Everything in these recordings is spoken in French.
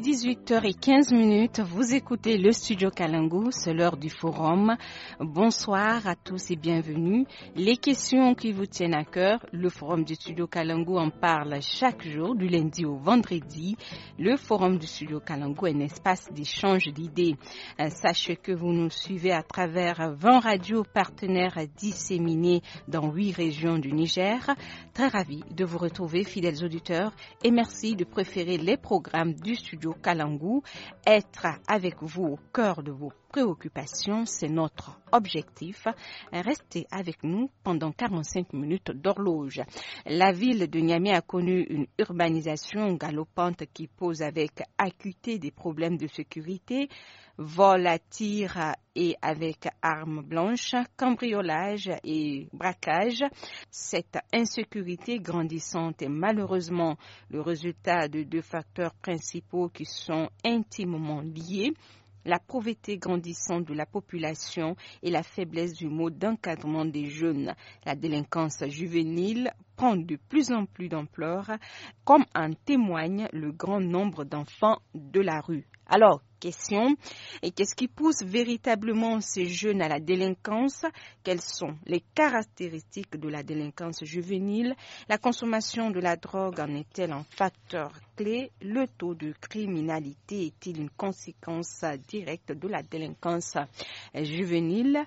18h15, vous écoutez le studio Kalango, c'est l'heure du forum. Bonsoir à tous et bienvenue. Les questions qui vous tiennent à cœur, le forum du studio kalango en parle chaque jour, du lundi au vendredi. Le forum du studio Kalango, est un espace d'échange d'idées. Euh, sachez que vous nous suivez à travers 20 radios partenaires disséminées dans 8 régions du Niger. Très ravi de vous retrouver, fidèles auditeurs, et merci de préférer les programmes du studio Kalangu, être avec vous au cœur de vos préoccupation, c'est notre objectif. Restez avec nous pendant 45 minutes d'horloge. La ville de Niamey a connu une urbanisation galopante qui pose avec acuité des problèmes de sécurité, vol à tir et avec armes blanches, cambriolage et braquage. Cette insécurité grandissante est malheureusement le résultat de deux facteurs principaux qui sont intimement liés la pauvreté grandissante de la population et la faiblesse du mode d'encadrement des jeunes. La délinquance juvénile prend de plus en plus d'ampleur, comme en témoigne le grand nombre d'enfants de la rue. Alors, question. Et qu'est-ce qui pousse véritablement ces jeunes à la délinquance Quelles sont les caractéristiques de la délinquance juvénile La consommation de la drogue en est-elle un facteur clé Le taux de criminalité est-il une conséquence directe de la délinquance juvénile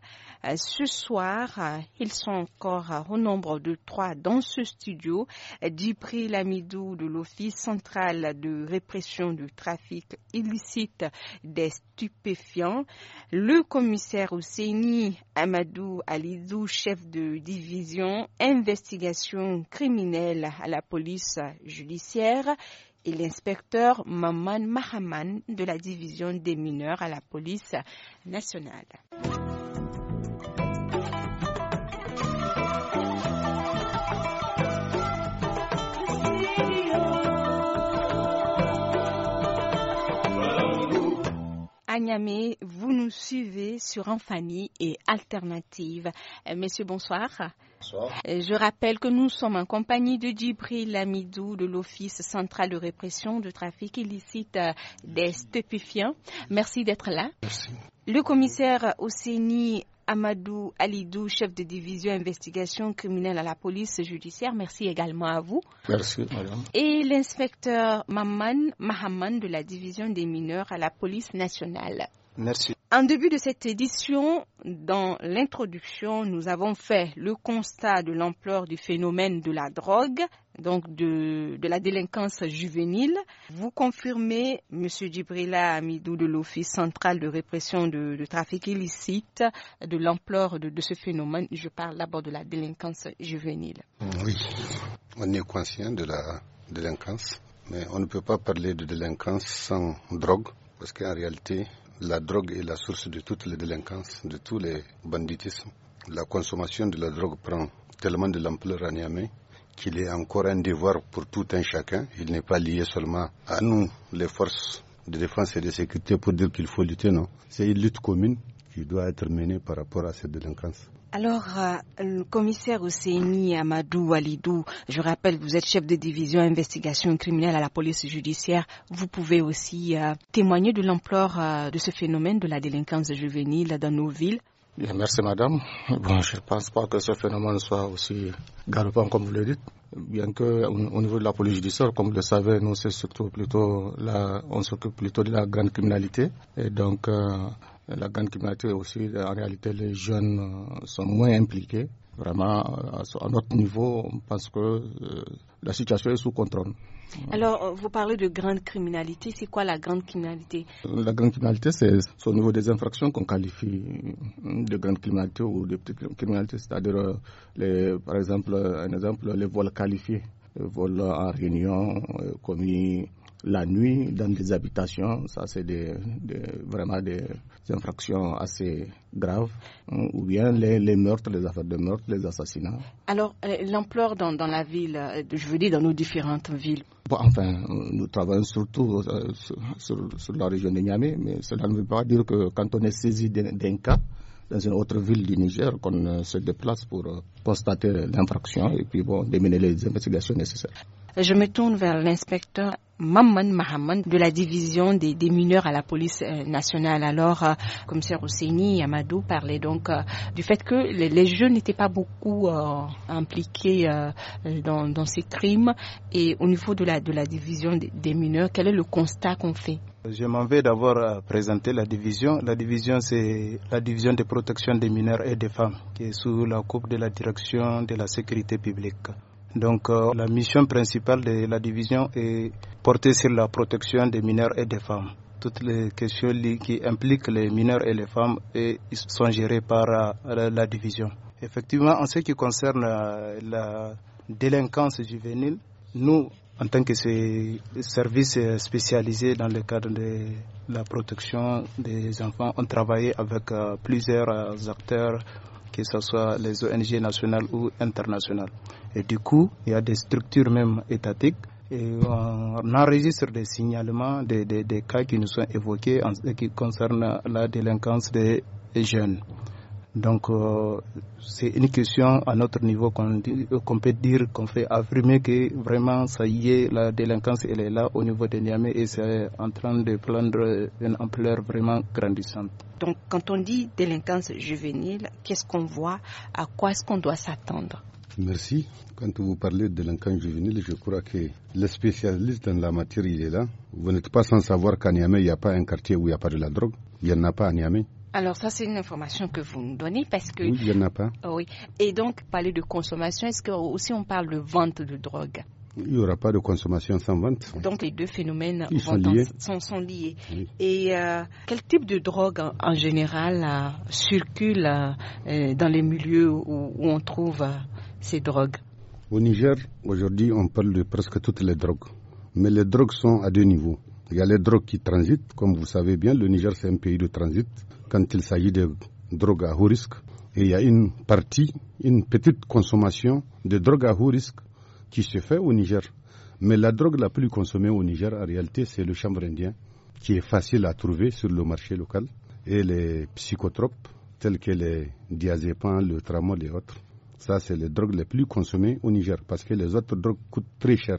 Ce soir, ils sont encore au nombre de trois dans ce studio. Dipri Lamidou de l'Office central de répression du trafic illicite des stupéfiants. Le commissaire Ousseini Amadou Alidou, chef de division investigation criminelle à la police judiciaire, et l'inspecteur Maman Mahaman de la division des mineurs à la police nationale. Vous nous suivez sur Enfamie et Alternative. Euh, messieurs, bonsoir. Bonsoir. Euh, je rappelle que nous sommes en compagnie de Djibril Lamidou de l'Office central de répression de trafic illicite euh, des stupéfiants. Merci d'être là. Merci. Le commissaire Osséni Amadou Alidou, chef de division investigation criminelle à la police judiciaire. Merci également à vous. Merci, madame. Et l'inspecteur Maman Mahaman de la division des mineurs à la police nationale. Merci. En début de cette édition, dans l'introduction, nous avons fait le constat de l'ampleur du phénomène de la drogue, donc de, la délinquance juvénile. Vous confirmez, M. Djibrila Amidou de l'Office central de répression de, trafic illicite, de l'ampleur de, ce phénomène. Je parle d'abord de la délinquance juvénile. Oui, on est conscient de la délinquance, mais on ne peut pas parler de délinquance sans drogue, parce qu'en réalité, la drogue est la source de toutes les délinquances, de tous les banditismes. La consommation de la drogue prend tellement de l'ampleur à Niamey qu'il est encore un devoir pour tout un chacun. Il n'est pas lié seulement à nous, les forces de défense et de sécurité, pour dire qu'il faut lutter, non. C'est une lutte commune qui doit être menée par rapport à cette délinquance. Alors, euh, le commissaire Ousseini Amadou Walidou, je rappelle, vous êtes chef de division investigation criminelle à la police judiciaire. Vous pouvez aussi euh, témoigner de l'ampleur euh, de ce phénomène de la délinquance juvénile dans nos villes merci madame. je ne pense pas que ce phénomène soit aussi galopant comme vous le dites. Bien que au niveau de la police judiciaire, comme vous le savez, nous c'est plutôt on s'occupe plutôt de la grande criminalité et donc euh, la grande criminalité aussi en réalité les jeunes euh, sont moins impliqués. Vraiment euh, à notre niveau, on pense que la situation est sous contrôle. Alors, euh, vous parlez de grande criminalité. C'est quoi la grande criminalité La grande criminalité, c'est au niveau des infractions qu'on qualifie de grande criminalité ou de petite criminalité. C'est-à-dire, euh, par exemple, un exemple, les vols qualifiés, les vols en réunion euh, commis la nuit dans des habitations. Ça, c'est vraiment des infractions assez graves. Hein, ou bien les, meurtres, les affaires de meurtre, les assassinats. Alors, euh, l'ampleur dans, la ville, euh, je veux dire dans nos différentes villes Enfin, euh, nous travaillons surtout sur, la région de Niamey, mais cela ne veut pas dire que quand on est saisi d'un cas, dans une autre ville du Niger qu'on se déplace pour constater l'infraction et puis bon, déminer les investigations nécessaires. Je me tourne vers l'inspecteur Mamman Mahamman de la division des, mineurs à la police euh, nationale. Alors, comme Sir et Amadou parlait donc euh, du fait que les, jeunes n'étaient pas beaucoup euh, impliqués dans, ces crimes. Et au niveau de la, division des, des mineurs, quel est le constat qu'on fait je m'en vais d'abord présenter la division. La division, c'est la division de protection des mineurs et des femmes, qui est sous la coupe de la direction de la sécurité publique. Donc euh, la mission principale de la division est portée sur la protection des mineurs et des femmes. Toutes les questions qui impliquent les mineurs et les femmes sont gérées par euh, la division. Effectivement, en ce qui concerne euh, la délinquance juvénile, nous, en tant que service spécialisé dans le cadre de la protection des enfants, on travaille avec plusieurs acteurs, que ce soit les ONG nationales ou internationales. Et du coup, il y a des structures même étatiques et on enregistre des signalements des, des, cas qui nous sont évoqués en ce qui concerne la délinquance des jeunes. Donc, euh, c'est une question à notre niveau qu'on peut dire, qu'on fait affirmer que vraiment, ça y est, la délinquance, elle est là au niveau de Niamey et c'est en train de prendre une ampleur vraiment grandissante. Donc, quand on dit délinquance juvénile, qu'est-ce qu'on voit À quoi est-ce qu'on doit s'attendre Merci. Quand vous parlez de l'enquête juvénile, je crois que le spécialiste dans la matière, il est là. Vous n'êtes pas sans savoir qu'à Niamey, il n'y a pas un quartier où il n'y a pas de la drogue. Il n'y en a pas à Niamey. Alors ça, c'est une information que vous nous donnez parce que... Oui, il n'y en a pas. Oui. Et donc, parler de consommation, est-ce que aussi on parle de vente de drogue il n'y aura pas de consommation sans vente. Donc les deux phénomènes sont liés. Et euh, quel type de drogue en, général euh, circule euh, dans les milieux où, on trouve ces drogues Au Niger, aujourd'hui, on parle de presque toutes les drogues. Mais les drogues sont à deux niveaux. Il y a les drogues qui transitent. Comme vous savez bien, le Niger, c'est un pays de transit. Quand il s'agit de drogues à haut risque, et il y a une partie, une petite consommation de drogues à haut risque qui se fait au Niger. Mais la drogue la plus consommée au Niger, en réalité, c'est le chambre indien, qui est facile à trouver sur le marché local, et les psychotropes, tels que les diazépins, le tramol et autres. Ça, c'est les drogues les plus consommées au Niger, parce que les autres drogues coûtent très cher.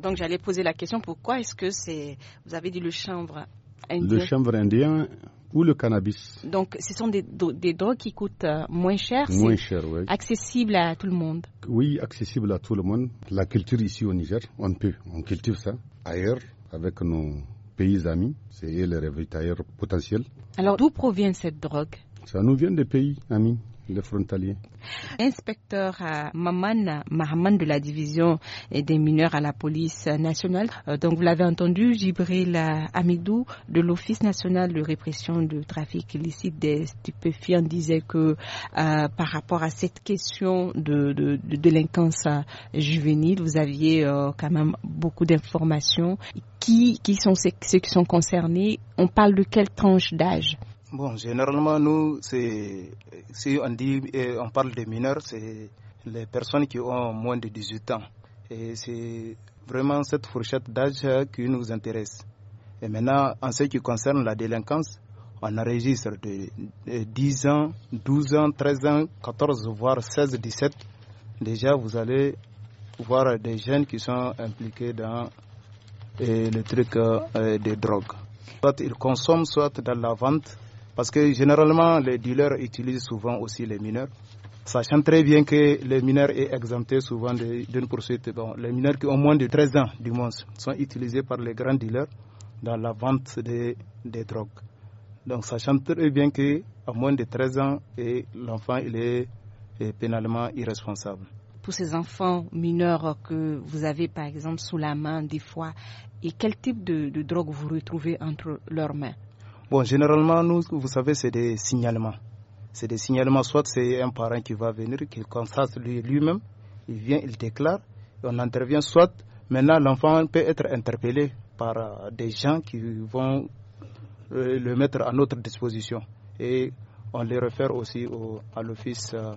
Donc, j'allais poser la question, pourquoi est-ce que c'est... Vous avez dit le chambre indien Le chambre indien, ou le cannabis. Donc, ce sont des, drogues qui coûtent euh, moins cher, moins oui. accessible à tout le monde. Oui, accessible à tout le monde. La culture ici au Niger, on peut, on cultive ça ailleurs avec nos pays amis, c'est les ailleurs potentiel. Alors, d'où provient cette drogue Ça nous vient des pays amis frontalier. Inspecteur euh, Maman de la division des mineurs à la police nationale. Euh, donc vous l'avez entendu, Jibril euh, Amidou de l'Office national de répression du trafic illicite des stupéfiants disait que par rapport à cette question de, délinquance juvénile, vous aviez quand même beaucoup d'informations. Qui, qui sont ceux qui sont concernés On parle de quelle tranche d'âge Bon, généralement, nous, c'est, si on dit, eh, on parle de mineurs, c'est les personnes qui ont moins de 18 ans. Et c'est vraiment cette fourchette d'âge qui nous intéresse. Et maintenant, en ce qui concerne la délinquance, on enregistre de 10 ans, 12 ans, 13 ans, 14, voire 16, 17. Déjà, vous allez voir des jeunes qui sont impliqués dans eh, le truc eh, des drogues. Soit ils consomment, soit dans la vente, parce que généralement, les dealers utilisent souvent aussi les mineurs, sachant très bien que les mineurs sont exemptés souvent d'une poursuite. les mineurs qui ont moins de 13 ans, du moins, sont utilisés par les grands dealers dans la vente des, drogues. Donc, sachant très bien qu'à moins de 13 ans, l'enfant est, pénalement irresponsable pour ces enfants mineurs que vous avez par exemple sous la main des fois et quel type de drogue vous retrouvez entre leurs mains Bon, généralement, nous, vous savez, c'est des signalements. C'est des signalements, soit c'est un parent qui va venir, qui constate lui-même, il vient, il déclare, on intervient, soit maintenant l'enfant peut être interpellé par euh, des gens qui vont euh, le mettre à notre disposition. Et on les réfère aussi à l'Office euh,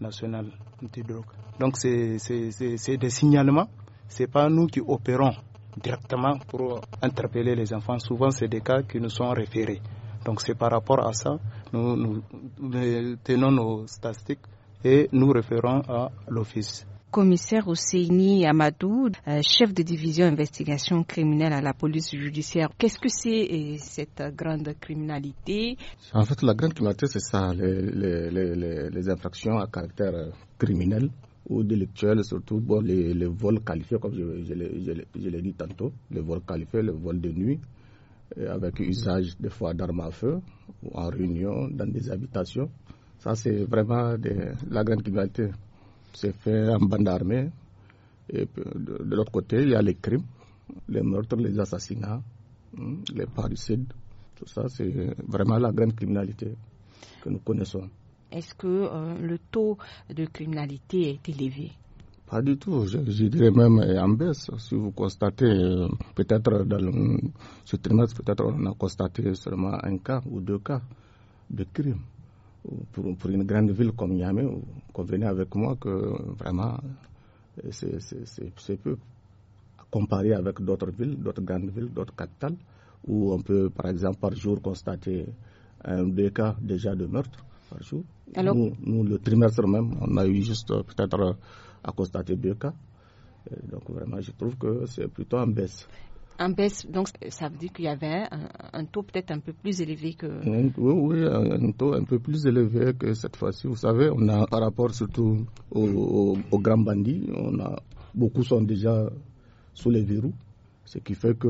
national drogue. Donc c'est des signalements, ce n'est pas nous qui opérons directement pour interpeller les enfants. Souvent, c'est des cas qui nous sont référés. Donc, c'est par rapport à ça, nous, nous, tenons nos statistiques et nous référons à l'Office commissaire Ousseini Amadou, euh, chef de division investigation criminelle à la police judiciaire. Qu'est-ce que c'est euh, cette grande criminalité En fait, la grande criminalité, c'est ça, les, les, infractions à caractère euh, criminel ou l'actuel surtout bon, les, vols qualifiés, comme je, je l'ai dit tantôt, les vols qualifiés, les vols de nuit, euh, avec usage des fois d'armes à feu, ou en réunion, dans des habitations. Ça, c'est vraiment de, la grande criminalité. C'est fait en bande armée. Et de l'autre côté, il y a les crimes, les meurtres, les assassinats, hein, les parricides. Tout ça, c'est vraiment la grande criminalité que nous connaissons. Est-ce que euh, le taux de criminalité est élevé pas du tout, je, dirais même euh, en baisse. Si vous constatez, euh, peut-être dans ce trimestre, peut-être on a constaté seulement un cas ou deux cas de crime. Pour, une grande ville comme Niamey, vous convenez avec moi que vraiment c'est peu comparé avec d'autres villes, d'autres grandes villes, d'autres capitales, où on peut par exemple par jour constater un, deux cas déjà de meurtre nous, le trimestre même, on a eu juste euh, peut-être euh, à constater deux cas. Euh, donc vraiment, je trouve que c'est plutôt en baisse. En baisse, donc ça veut dire qu'il y avait un, taux peut-être un peu plus élevé que. Oui, un, taux un peu plus élevé que cette fois-ci. Vous savez, on a par rapport surtout aux, grand grands bandits, on a beaucoup sont déjà sous les verrous. Ce qui fait que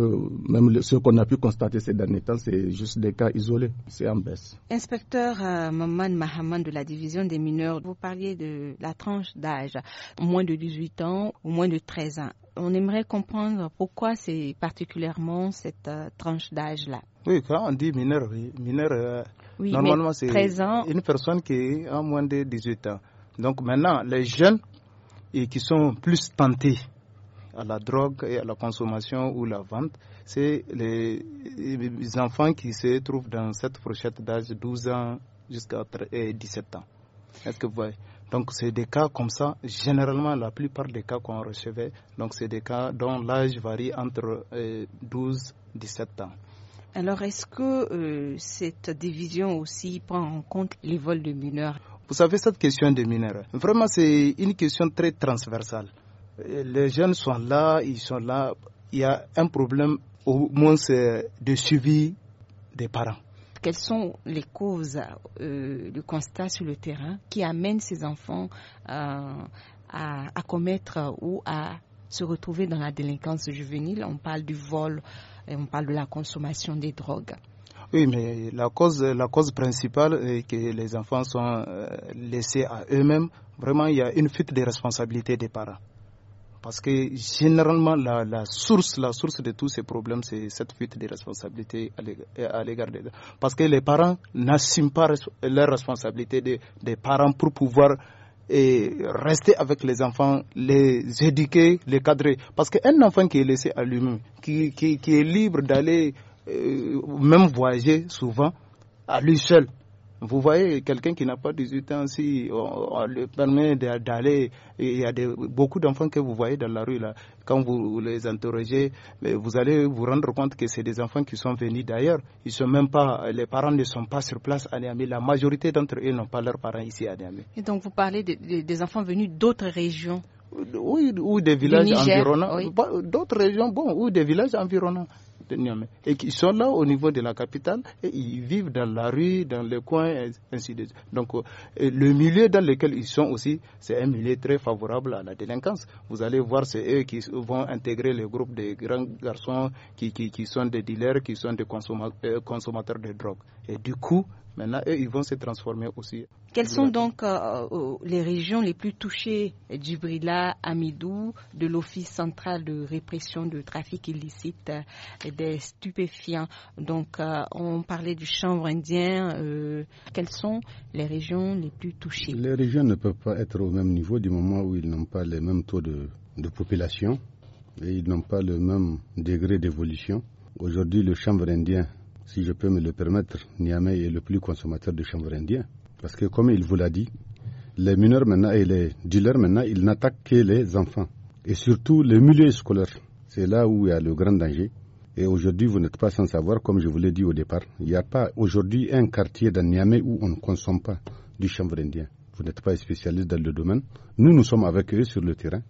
même ce qu'on a pu constater ces derniers temps, c'est juste des cas isolés. C'est en baisse. Inspecteur euh, Mamad Maman de la division des mineurs, vous parliez de la tranche d'âge, moins de 18 ans ou moins de 13 ans. On aimerait comprendre pourquoi c'est particulièrement cette euh, tranche d'âge-là. Oui, quand on dit mineur, mineur, euh, normalement c'est une personne qui a moins de 18 ans. Donc maintenant, les jeunes et qui sont plus tentés à la drogue et à la consommation ou la vente, c'est les, enfants qui se trouvent dans cette fourchette d'âge de 12 ans jusqu'à 17 ans. Est-ce que vous voyez donc c'est des cas comme ça. Généralement, la plupart des cas qu'on recevait, donc c'est des cas dont l'âge varie entre 12 et 17 ans. Alors, est-ce que euh, cette division aussi prend en compte les vols de mineurs Vous savez, cette question des mineurs, vraiment, c'est une question très transversale les jeunes sont là, ils sont là. Il y a un problème au moins de suivi des parents. Quelles sont les causes euh, du constat sur le terrain qui amènent ces enfants euh, à, commettre ou à se retrouver dans la délinquance juvénile On parle du vol, et on parle de la consommation des drogues. Oui, mais la cause, la cause principale est que les enfants sont euh, laissés à eux-mêmes. Vraiment, il y a une fuite des responsabilités des parents. Parce que généralement, la, source, la source de tous ces problèmes, c'est cette fuite des responsabilités à l'égard des Parce que les parents n'assument pas leurs responsabilités des, parents pour pouvoir rester avec les enfants, les éduquer, les cadrer. Parce qu'un enfant qui est laissé à lui-même, qui, est libre d'aller euh, même voyager souvent à lui seul, vous voyez, quelqu'un qui n'a pas 18 ans, si on, lui permet d'aller, il y a beaucoup d'enfants que vous voyez dans la rue, là. Quand vous les interrogez, vous allez vous rendre compte que c'est des enfants qui sont venus d'ailleurs. Ils sont même pas, les parents ne sont pas sur place à Niamey. La majorité d'entre eux n'ont pas leurs parents ici à Niamey. Et donc, vous parlez des enfants venus d'autres régions oui, ou des villages environnants. Bah, d'autres régions, bon, ou des villages environnants et qui sont là au niveau de la capitale et ils vivent dans la rue, dans les coins, ainsi de suite. Donc euh, le milieu dans lequel ils sont aussi, c'est un milieu très favorable à la délinquance. Vous allez voir, c'est eux qui vont intégrer le groupe des grands garçons qui, qui, qui sont des dealers, qui sont des euh, consommateurs de drogue. Et du coup, Maintenant, ils vont se transformer aussi. Quelles sont donc euh, euh, les régions les plus touchées à Amidou, de l'Office central de répression de trafic illicite euh, des stupéfiants Donc, on parlait du chambre indien. quelles sont les régions les plus touchées Les régions ne peuvent pas être au même niveau du moment où ils n'ont pas les mêmes taux de, population et ils n'ont pas le même degré d'évolution. Aujourd'hui, le chambre indien si je peux me le permettre, Niamey est le plus consommateur de chanvre indien. Parce que, comme il vous l'a dit, les mineurs maintenant et les dealers maintenant, ils n'attaquent que les enfants. Et surtout les milieux scolaires. C'est là où il y a le grand danger. Et aujourd'hui, vous n'êtes pas sans savoir, comme je vous l'ai dit au départ, il n'y a pas aujourd'hui un quartier dans Niamey où on ne consomme pas du chanvre indien. Vous n'êtes pas spécialiste dans le domaine. Nous, nous sommes avec eux sur le terrain.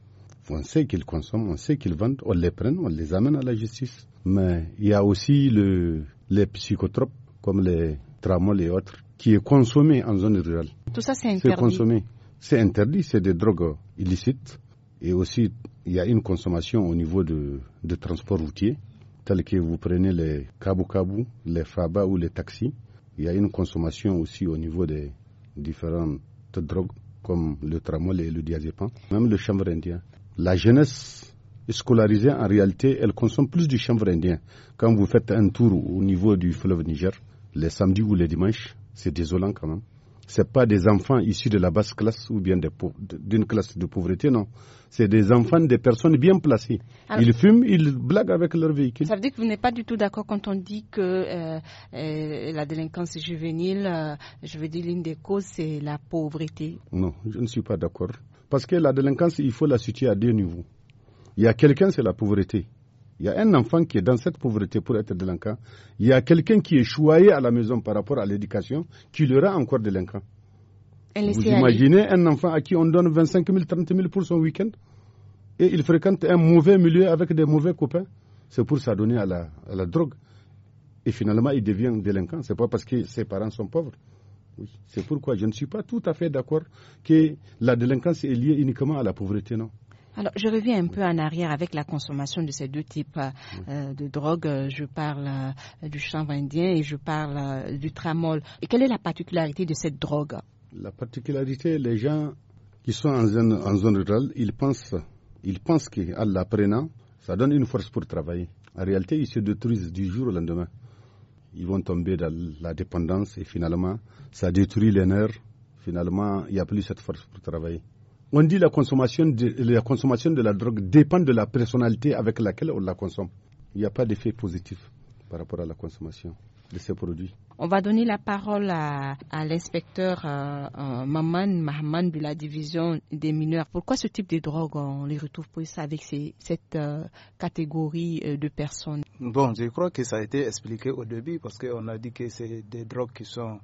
On sait qu'ils consomment, on sait qu'ils vendent, on les prend, on les amène à la justice. Mais il y a aussi le, les psychotropes comme les tramol et autres, qui est consommé en zone rurale. Tout ça, c'est interdit. C'est consommé. C'est interdit, c'est des drogues illicites. Et aussi, il y a une consommation au niveau de, de transport routier, tel que vous prenez les kabu-kabu, les faba ou les taxis. Il y a une consommation aussi au niveau des différentes drogues, comme le tramol et le diazépam, même le chambre indien. La jeunesse scolarisées, en réalité, elles consomment plus du chanvre indien. Quand vous faites un tour au niveau du fleuve Niger, les samedis ou les dimanches, c'est désolant quand même. Ce pas des enfants issus de la basse classe ou bien d'une classe de pauvreté, non. C'est des enfants, des personnes bien placées. ils fument, ils blaguent avec leur véhicule. Ça veut dire que vous n'êtes pas du tout d'accord quand on dit que euh, euh, la délinquance juvénile, euh, je veux dire, l'une des causes, c'est la pauvreté. Non, je ne suis pas d'accord. Parce que la délinquance, il faut la situer à deux niveaux. Il y a quelqu'un, c'est la pauvreté. Il y a un enfant qui est dans cette pauvreté pour être délinquant. Il y a quelqu'un qui est choyé à la maison par rapport à l'éducation qui le rend encore délinquant. Vous imaginez un enfant à qui on donne 25 000, 30 000 pour son week-end et il fréquente un mauvais milieu avec des mauvais copains. C'est pour s'adonner à la, à la drogue. Et finalement, il devient délinquant. Ce n'est pas parce que ses parents sont pauvres. C'est pourquoi je ne suis pas tout à fait d'accord que la délinquance est liée uniquement à la pauvreté, non. Alors, je reviens un peu en arrière avec la consommation de ces deux types euh, euh, de drogues. Euh, je parle du chanvre indien et je parle du tramol. Et quelle est la particularité de cette drogue La particularité, les gens qui sont en zone, rurale, ils pensent, ils pensent qu'en la ça donne une force pour travailler. En réalité, ils se détruisent du jour au lendemain. Ils vont tomber dans la dépendance et finalement, ça détruit les nerfs. Finalement, il n'y a plus cette force pour travailler. On dit la consommation de, la consommation de la drogue dépend de la personnalité avec laquelle on la consomme. Il n'y a pas d'effet positif par rapport à la consommation de ces produits. On va donner la parole à, l'inspecteur euh, euh, Maman Mahman de la division des mineurs. Pourquoi ce type de drogue, on les retrouve plus avec ces, cette euh, catégorie de personnes Bon, je crois que ça a été expliqué au début parce qu'on a dit que c'est des drogues qui sont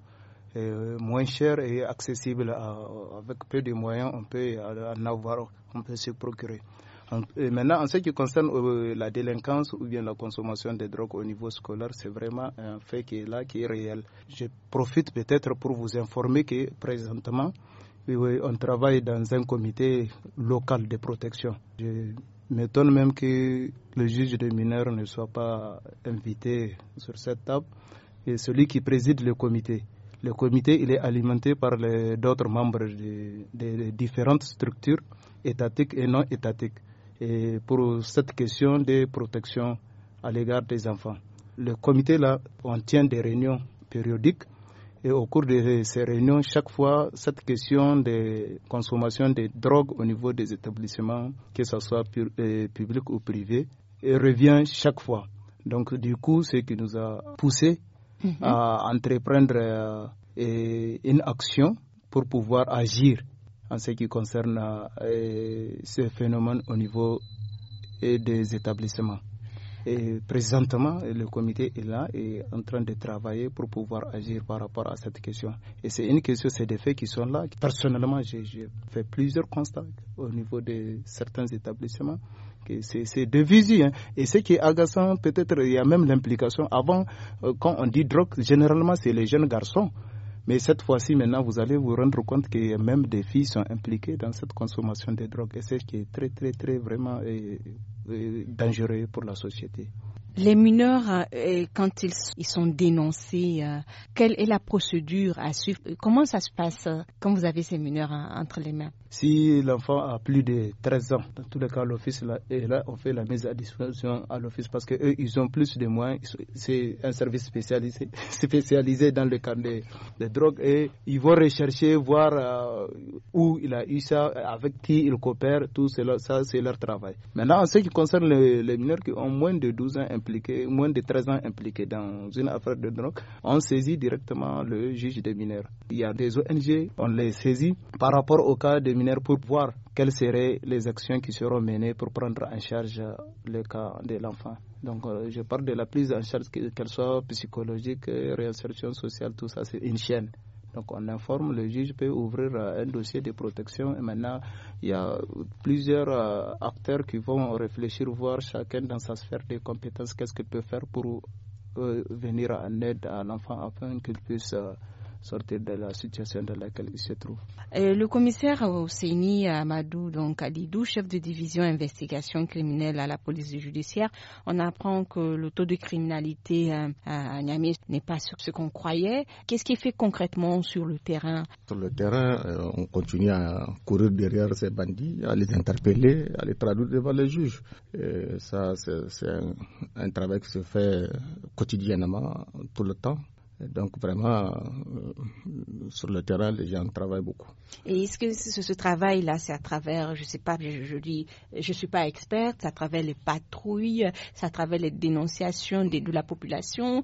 euh, moins cher et accessible avec peu de moyens, on peut euh, en avoir, on peut se procurer. maintenant, en ce qui concerne euh, la délinquance ou bien la consommation des drogues au niveau scolaire, c'est vraiment un fait qui est là, qui est réel. Je profite peut-être pour vous informer que présentement, on travaille dans un comité local de protection. Je m'étonne même que le juge des mineurs ne soit pas invité sur cette table et celui qui préside le comité. Le comité il est alimenté par d'autres membres des de différentes structures étatiques et non étatiques. Et pour cette question de protection à l'égard des enfants. Le comité, là, on tient des réunions périodiques et au cours de ces réunions, chaque fois, cette question de consommation de drogues au niveau des établissements, que ce soit euh, public ou privé, revient chaque fois. Donc, du coup, ce qui nous a poussé Mhm. à entreprendre euh, une action pour pouvoir agir en ce qui concerne euh, ce phénomène au niveau des établissements. Et présentement, le comité est là et en train de travailler pour pouvoir agir par rapport à cette question. Et c'est une question, c'est des faits qui sont là. Personnellement, j'ai fait plusieurs constats au niveau de certains établissements c'est de visu. Hein. Et ce qui est agaçant, peut-être, il y a même l'implication. Avant, euh, quand on dit drogue, généralement, c'est les jeunes garçons. Mais cette fois-ci, maintenant, vous allez vous rendre compte que même des filles sont impliquées dans cette consommation de drogue. Et c'est ce qui est très, très, très vraiment euh, euh, dangereux pour la société. Les mineurs, euh, quand ils, sont dénoncés, euh, quelle est la procédure à suivre Comment ça se passe euh, quand vous avez ces mineurs hein, entre les mains Si l'enfant a plus de 13 ans, dans tous les cas, l'office, là, là, on fait la mise à disposition à l'office parce qu'eux, ils ont plus de moins. C'est un service spécialisé, spécialisé dans le cas des, drogues et ils vont rechercher, voir où il a eu ça, avec qui il coopère, tout cela, ça, c'est leur travail. Maintenant, en ce qui concerne les, les mineurs qui ont moins de 12 ans, moins de 13 ans impliqués dans une affaire de drogue, on saisit directement le juge des mineurs. Il y a des ONG, on les saisit par rapport au cas des mineurs pour voir quelles seraient les actions qui seront menées pour prendre en charge le cas de l'enfant. Donc, euh, je parle de la prise en charge, qu'elle soit psychologique, réinsertion sociale, tout ça, c'est une chaîne. Donc on informe, le juge peut ouvrir euh, un dossier de protection et maintenant il y a plusieurs euh, acteurs qui vont réfléchir, voir chacun dans sa sphère de compétences qu'est-ce qu'il peut faire pour euh, venir en aide à l'enfant afin qu'il puisse sortir de la situation dans laquelle il se trouve. Euh, le commissaire Ouseni Amadou donc chef de division investigation criminelle à la police judiciaire, on apprend que le taux de criminalité euh, à Niamey n'est pas ce qu'on croyait. Qu'est-ce qui fait concrètement sur le terrain Sur le terrain, euh, on continue à courir derrière ces bandits, à les interpeller, à les traduire devant les juges. ça, c'est un travail qui se fait quotidiennement, tout le temps. Donc vraiment, euh, sur le terrain, les gens travaillent beaucoup. Et est-ce que ce, travail-là, c'est à travers, je ne sais pas, je, dis, je suis pas experte, c'est à travers les patrouilles, c'est à travers les dénonciations de, la population.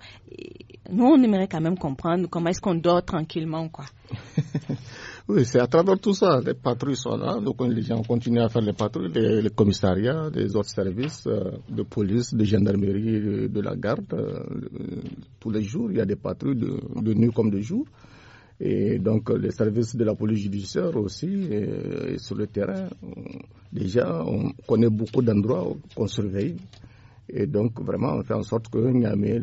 nous, on aimerait quand même comprendre comment est-ce qu'on dort tranquillement, quoi. Oui, c'est à travers tout ça. Les patrouilles sont là. Donc, les gens continuent à faire les patrouilles, les, commissariats, les autres services euh, de police, de gendarmerie, euh, de, la garde. Euh, tous les jours, il y a des patrouilles de, nuit comme de jour. Et donc, les services de la police judiciaire aussi, et, sur le terrain, déjà, on connaît beaucoup d'endroits qu'on surveille. Et donc, vraiment, on fait en sorte que les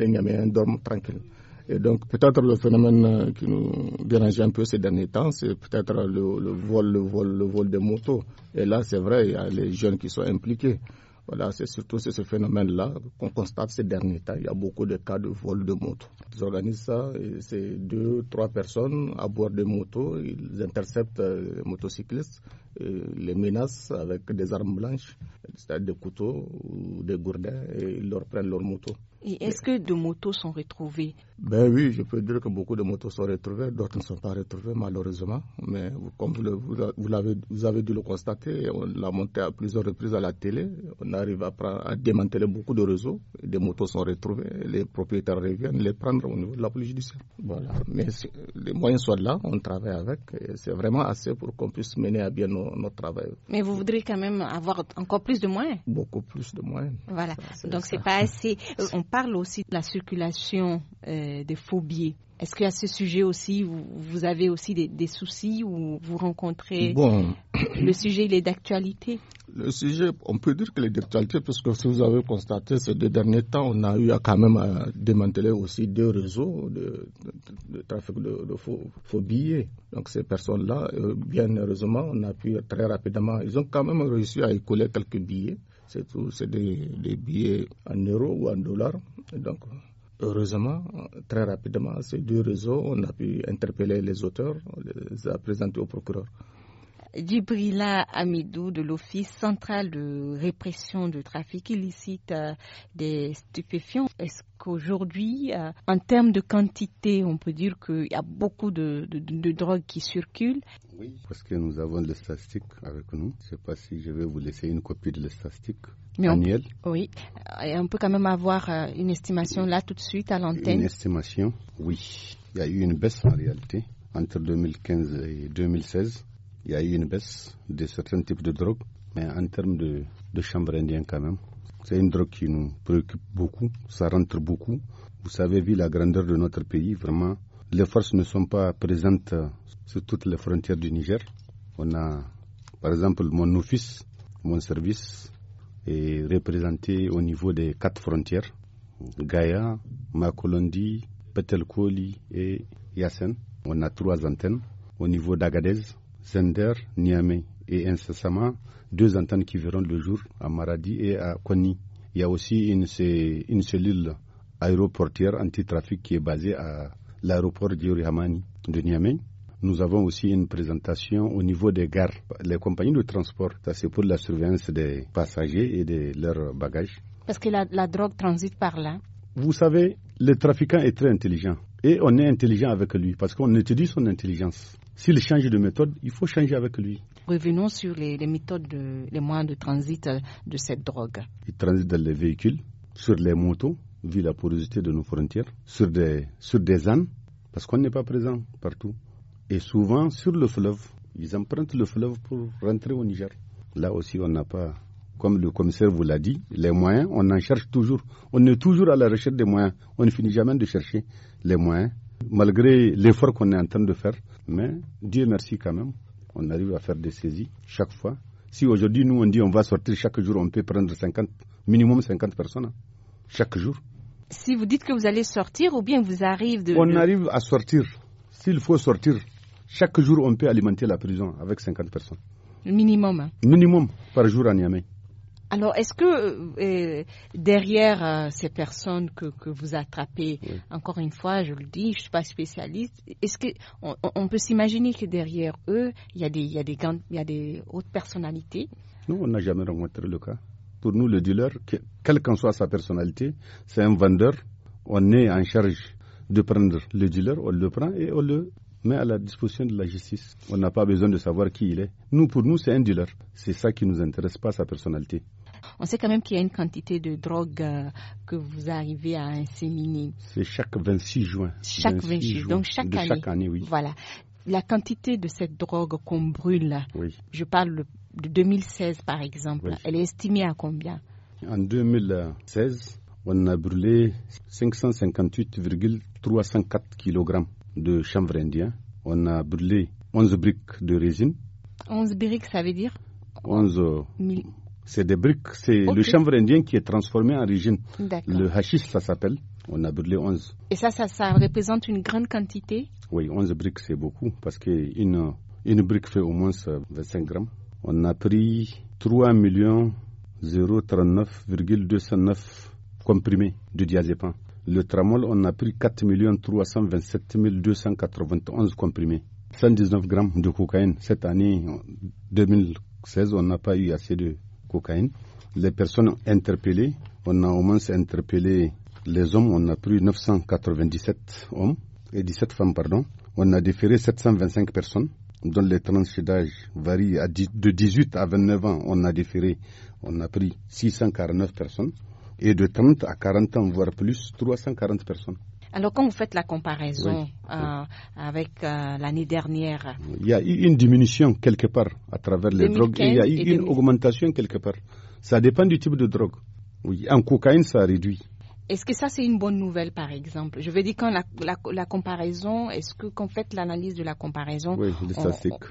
Nyaméens dorment tranquilles. Et donc peut-être le phénomène euh, qui nous dérange un peu ces derniers temps, c'est peut-être le, vol, le vol, le vol des motos. Et là, c'est vrai, il y a les jeunes qui sont impliqués. Voilà, c'est surtout ce phénomène-là qu'on constate ces derniers temps. Il y a beaucoup de cas de vol de motos. Ils organisent ça, c'est deux, trois personnes à bord de motos, ils interceptent euh, les motocyclistes euh, les menacent avec des armes blanches, c'est-à-dire des couteaux ou des gourdins, et ils leur prennent leurs motos. Et est-ce que des motos sont retrouvées Ben oui, je peux dire que beaucoup de motos sont retrouvées, d'autres ne sont pas retrouvées malheureusement. Mais comme vous, vous, avez, dû le constater, on l'a monté à plusieurs reprises à la télé. On arrive à, démanteler beaucoup de réseaux. Des motos sont retrouvées, les propriétaires reviennent les prendre au niveau de la police judiciaire. Voilà. Mais les moyens sont là, on travaille avec. C'est vraiment assez pour qu'on puisse mener à bien nos notre travail. Mais vous voudriez quand même avoir encore plus de moyens Beaucoup plus de moyens. Voilà. Donc, c'est pas assez. Euh, on parle aussi de la circulation euh, des phobies. Est-ce qu'à ce sujet aussi, vous, avez aussi des, soucis ou vous rencontrez Bon. Le sujet, il est d'actualité le sujet, on peut dire que les d'actualité, parce que si vous avez constaté ces deux derniers temps, on a eu quand même à démanteler aussi deux réseaux de, trafic de, faux, billets. Donc ces personnes-là, euh, bien heureusement, on a pu très rapidement, ils ont quand même réussi à écouler quelques billets. C'est tout, c'est des, billets en euros ou en dollars. donc heureusement, très rapidement, ces deux réseaux, on a pu interpeller les auteurs, on les a présentés au procureur. Djibrila Amidou de l'Office central de répression du trafic illicite euh, des stupéfiants. Est-ce qu'aujourd'hui, euh, en termes de quantité, on peut dire qu'il y a beaucoup de, drogues qui circulent Oui, parce que nous avons les statistiques avec nous. Je ne sais pas si je vais vous laisser une copie de les statistiques. Mais oui, et on peut quand même avoir euh, une estimation là tout de suite à l'antenne. Une estimation, oui. Il y a eu une baisse en réalité entre 2015 et 2016 il y a eu une baisse de certains types de drogues, mais en termes de, de chambre indienne quand même, c'est une drogue qui nous préoccupe beaucoup, ça rentre beaucoup. Vous savez, vu la grandeur de notre pays, vraiment, les forces ne sont pas présentes sur toutes les frontières du Niger. On a, par exemple, mon office, mon service est représenté au niveau des quatre frontières Gaïa, Makolondi, Petelkoli et Yassen. On a trois antennes. Au niveau d'Agadez, Zender, Niamey et incessamment deux antennes qui verront le jour à Maradi et à Kony. Il y a aussi une, cellule aéroportière anti-trafic qui est basée à l'aéroport Diori de Niamey. Nous avons aussi une présentation au niveau des gares. Les compagnies de transport, c'est pour la surveillance des passagers et de leurs bagages. Parce que la, la drogue transite par là. Vous savez, le trafiquant est très intelligent. Et on est intelligent avec lui parce qu'on étudie son intelligence. S'il change de méthode, il faut changer avec lui. Revenons sur les, méthodes, les moyens de transit euh, de cette drogue. Il transite dans les véhicules, sur les motos, vu la porosité de nos frontières, sur des, sur des ânes, parce qu'on n'est pas présent partout. Et souvent sur le fleuve. Ils empruntent le fleuve pour rentrer au Niger. Là aussi, on n'a pas, comme le commissaire vous l'a dit, les moyens, on en cherche toujours. On est toujours à la recherche des moyens. On ne finit jamais de chercher les moyens, malgré l'effort qu'on est en train de faire. Mais Dieu merci quand même, on arrive à faire des saisies chaque fois. Si aujourd'hui nous on dit on va sortir chaque jour, on peut prendre 50, minimum 50 personnes hein, chaque jour. Si vous dites que vous allez sortir ou bien vous arrive de... On arrive à sortir. S'il faut sortir, chaque jour on peut alimenter la prison avec 50 personnes. Minimum. Hein. Minimum par jour à Niamey. Alors, est-ce que euh, derrière euh, ces personnes que, vous attrapez, encore une fois, je le dis, je ne suis pas spécialiste, est-ce qu'on peut s'imaginer que derrière eux, il y a des, il y a des hautes personnalités Nous, on n'a jamais rencontré le cas. Pour nous, le dealer, quelle qu'en soit sa personnalité, c'est un vendeur. On est en charge de prendre le dealer, on le prend et on le met à la disposition de la justice. On n'a pas besoin de savoir qui il est. Nous, pour nous, c'est un dealer. C'est ça qui nous intéresse, pas sa personnalité. On sait quand même qu'il y a une quantité de drogue euh, que vous arrivez à inséminer. C'est chaque 26 juin. Chaque 26, juin, donc chaque année. Voilà. La quantité de cette drogue qu'on brûle, je parle de 2016 par exemple, elle est estimée à combien En 2016, on a brûlé 558,304 kg de chanvre indien. On a brûlé 11 briques de résine. 11 briques, ça veut dire 11 c'est des briques. C'est le chanvre indien qui est transformé en régime. Le hashish, ça s'appelle. On a brûlé 11. Et ça, ça, ça représente une grande quantité Oui, 11 briques, c'est beaucoup. Parce qu'une une brique fait au moins 25 euh, grammes. On a pris 3 039,209 comprimés de diazépam. Le tramol, on a pris 4 327 291 comprimés. 119 grammes de cocaïne. Cette année 2016, on n'a pas eu assez de cocaïne. Les personnes interpellées, on a au moins interpellé les hommes, on a pris 997 hommes et 17 femmes, pardon. On a déféré 725 personnes, dont les tranches d'âge varient de 18 à 29 ans. On a déféré, on a pris 649 personnes et de 30 à 40 ans, voire plus, 340 personnes. Alors, quand vous faites la comparaison euh, avec euh, l'année dernière. Il y a eu une diminution quelque part à travers les drogues et il y a eu une augmentation quelque part. Ça dépend du type de drogue. Oui, en cocaïne, ça réduit. Est-ce que ça, c'est une bonne nouvelle, par exemple Je veux dire, quand la, comparaison, est-ce que fait l'analyse de la comparaison,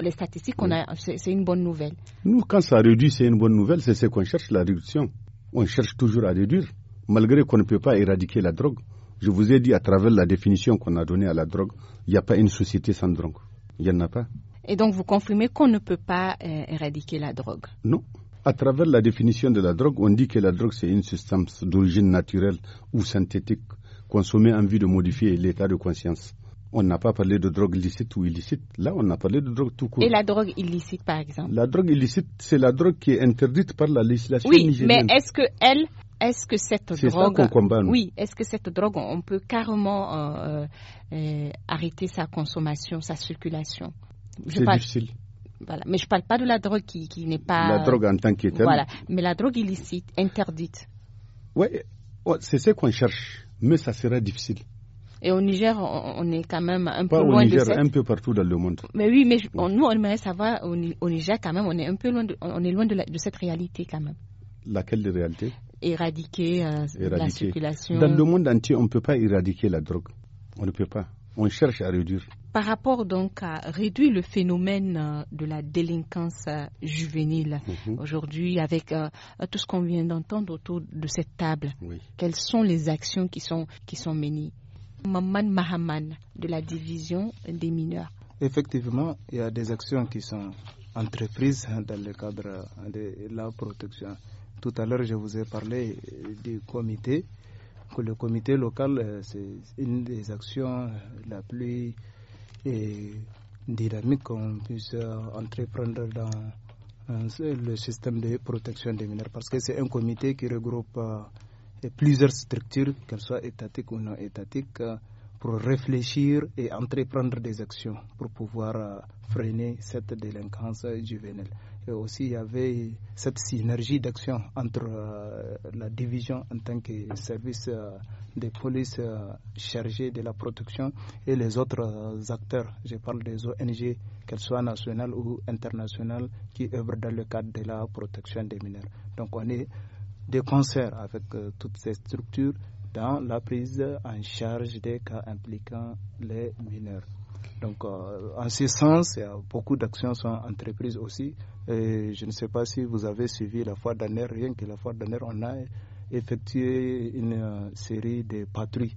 les statistiques, c'est une bonne nouvelle Nous, quand ça réduit, c'est une bonne nouvelle, c'est ce qu'on cherche, la réduction. On cherche toujours à réduire, malgré qu'on ne peut pas éradiquer la drogue. Je vous ai dit à travers la définition qu'on a donnée à la drogue, il n'y a pas une société sans drogue. Il n'y en a pas. Et donc vous confirmez qu'on ne peut pas euh, éradiquer la drogue Non. À travers la définition de la drogue, on dit que la drogue, c'est une substance d'origine naturelle ou synthétique consommée en vue de modifier l'état de conscience. On n'a pas parlé de drogue licite ou illicite. Là, on a parlé de drogue tout court. Et la drogue illicite, par exemple La drogue illicite, c'est la drogue qui est interdite par la législation oui, mais est-ce qu'elle est-ce que cette drogue, oui, est-ce que cette drogue, on peut carrément euh, euh, euh, arrêter sa consommation, sa circulation C'est difficile. Voilà. Mais je ne parle pas de la drogue qui, qui n'est pas. La drogue en tant qu'état. Voilà. Mais la drogue illicite, interdite. Oui, c'est ce qu'on cherche, mais ça serait difficile. Et au Niger, on est quand même un peu loin au Niger, un peu partout dans le monde. Mais oui, mais nous, on aimerait savoir, au Niger, quand même, on est un peu loin de, on est loin de, de cette réalité, quand même. Laquelle des réalité? éradiquer, euh, la circulation Dans le monde entier, on ne peut pas éradiquer la drogue. On ne peut pas. On cherche à réduire. Par rapport donc à réduire le phénomène euh, de la délinquance euh, juvénile mhm. aujourd'hui avec tout ce qu'on vient d'entendre autour de cette table, quelles sont les actions qui sont, qui sont menées Maman Mahaman de la division des mineurs. Effectivement, il y a des actions qui sont entreprises dans le cadre de la protection tout à l'heure, je vous ai parlé euh, du comité, que le comité local, euh, c'est une des actions euh, la plus dynamique qu'on puisse entreprendre dans le système de protection des mineurs, parce que c'est un comité qui regroupe plusieurs structures, qu'elles soient étatiques ou non étatiques, pour réfléchir et entreprendre des actions pour pouvoir freiner cette délinquance juvénile. Et aussi il y avait cette synergie d'action entre euh, la division en tant que service de euh, des polices euh, de la protection et les autres acteurs. Je parle des ONG, qu'elles soient nationales ou internationales, qui œuvrent dans le cadre de la protection des mineurs. Donc on est de concert avec toutes ces structures dans la prise en charge des cas impliquant les mineurs. Donc, euh, en ce sens, beaucoup d'actions sont entreprises aussi. je ne sais pas si vous avez suivi la fois d'année rien que la fois d'année, on a effectué une euh, série de patrouilles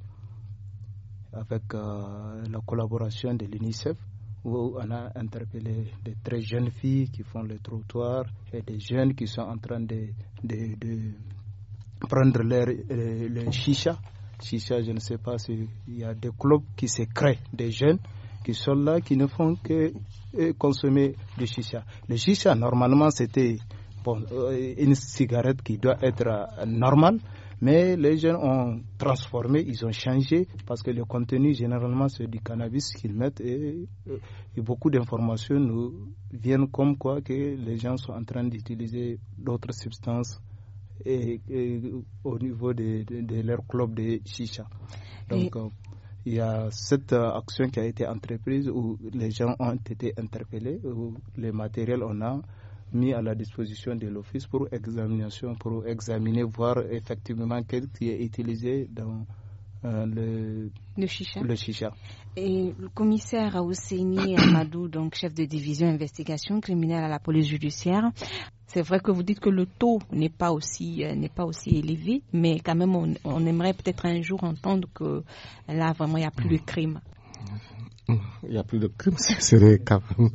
avec euh, la collaboration de l'UNICEF où on a interpellé des très jeunes filles qui font le trottoir et des jeunes qui sont en train de, prendre leur, le chicha. Chicha, je ne sais pas s'il y a des clubs qui se créent, des jeunes qui sont là, qui ne font que euh, consommer du chicha. Le chicha, normalement, c'était euh, une cigarette qui doit être euh, normale. Mais les gens ont transformé, ils ont changé parce que le contenu généralement c'est du cannabis qu'ils mettent et, beaucoup d'informations nous viennent comme quoi que les gens sont en train d'utiliser d'autres substances au niveau de, leur club de chicha. Donc, il y a cette euh, action qui a été entreprise où les gens ont été interpellés, où les matériels on a mis à la disposition de l'office pour examination, pour examiner, voir effectivement quel qui est utilisé dans euh, le, le, chicha. le, Et le commissaire Ousseini Amadou, donc chef de division investigation criminelle à la police judiciaire, c'est vrai que vous dites que le taux n'est pas aussi euh, n'est pas aussi élevé, mais quand même on, aimerait peut-être un jour entendre que là vraiment il n'y a plus de mm. crime. Mm. Il n'y a plus de crime, c'est serait quand même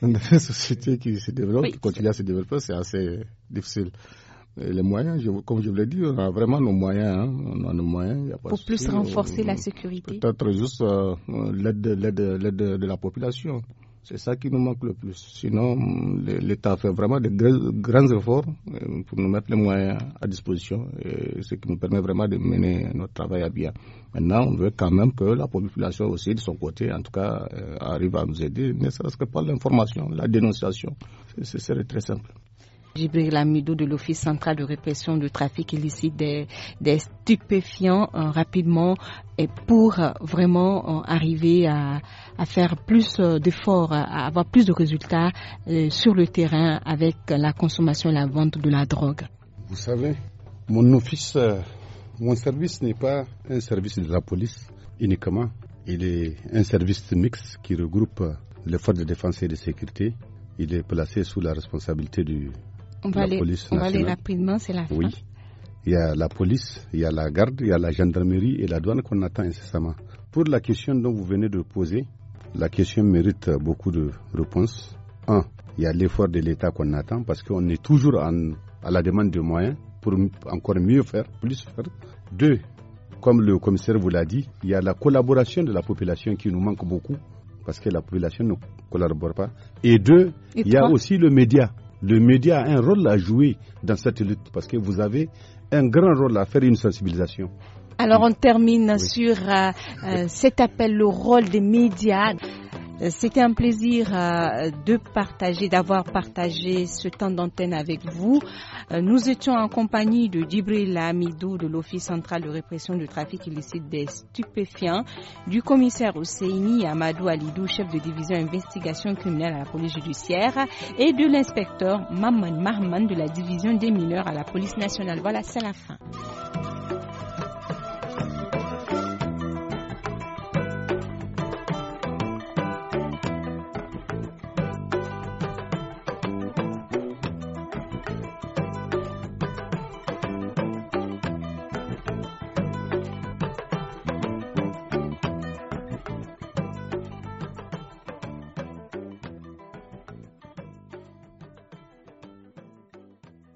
une société qui se développe, qui continue à se développer, c'est assez difficile. les moyens, comme je vous l'ai dit, on a vraiment nos moyens. Hein. On a nos moyens. Pour plus renforcer la sécurité Peut-être juste euh, l'aide de, de la population. C'est ça qui nous manque le plus. Sinon, l'État fait vraiment de grands efforts euh, pour nous mettre les moyens à disposition, et ce qui nous permet vraiment de mener notre travail à bien. Maintenant, on veut quand même que la population aussi, de son côté, en tout cas, euh, arrive à nous aider, ne serait-ce que par l'information, la dénonciation. Ce serait très simple. Jibril Amido de l'Office central de répression du trafic illicite des, stupéfiants euh, rapidement et pour euh, vraiment euh, arriver à, faire plus d'efforts, à avoir plus de résultats sur le terrain avec la consommation et la vente de la drogue. Vous savez, mon office, mon service n'est pas un service de la police uniquement. Il est un service mixte qui regroupe l'effort de défense et de sécurité. Il est placé sous la responsabilité du on va aller, rapidement, c'est la fin. Oui. Il y a la police, il y a la garde, il y a la gendarmerie et la douane qu'on attend incessamment. Pour la question dont vous venez de poser, la question mérite beaucoup de réponses. Un, il y a l'effort de l'État qu'on attend parce qu'on est toujours à la demande de moyens pour encore mieux faire, plus faire. Deux, comme le commissaire vous l'a dit, il y a la collaboration de la population qui nous manque beaucoup parce que la population ne collabore pas. Et deux, il y a aussi le média. Le média a un rôle à jouer dans cette lutte parce que vous avez un grand rôle à faire, une sensibilisation. Alors on termine sur euh, euh, cet appel, le rôle des médias. Euh, c'était un plaisir euh, de partager, d'avoir partagé ce temps d'antenne avec vous. Euh, nous étions en compagnie de Djibril Amidou de l'Office central de répression du trafic illicite des stupéfiants, du commissaire Oseini Amadou Alidou, chef de division investigation criminelle à la police judiciaire, et de l'inspecteur Maman Marman de la division des mineurs à la police nationale. Voilà, c'est la fin.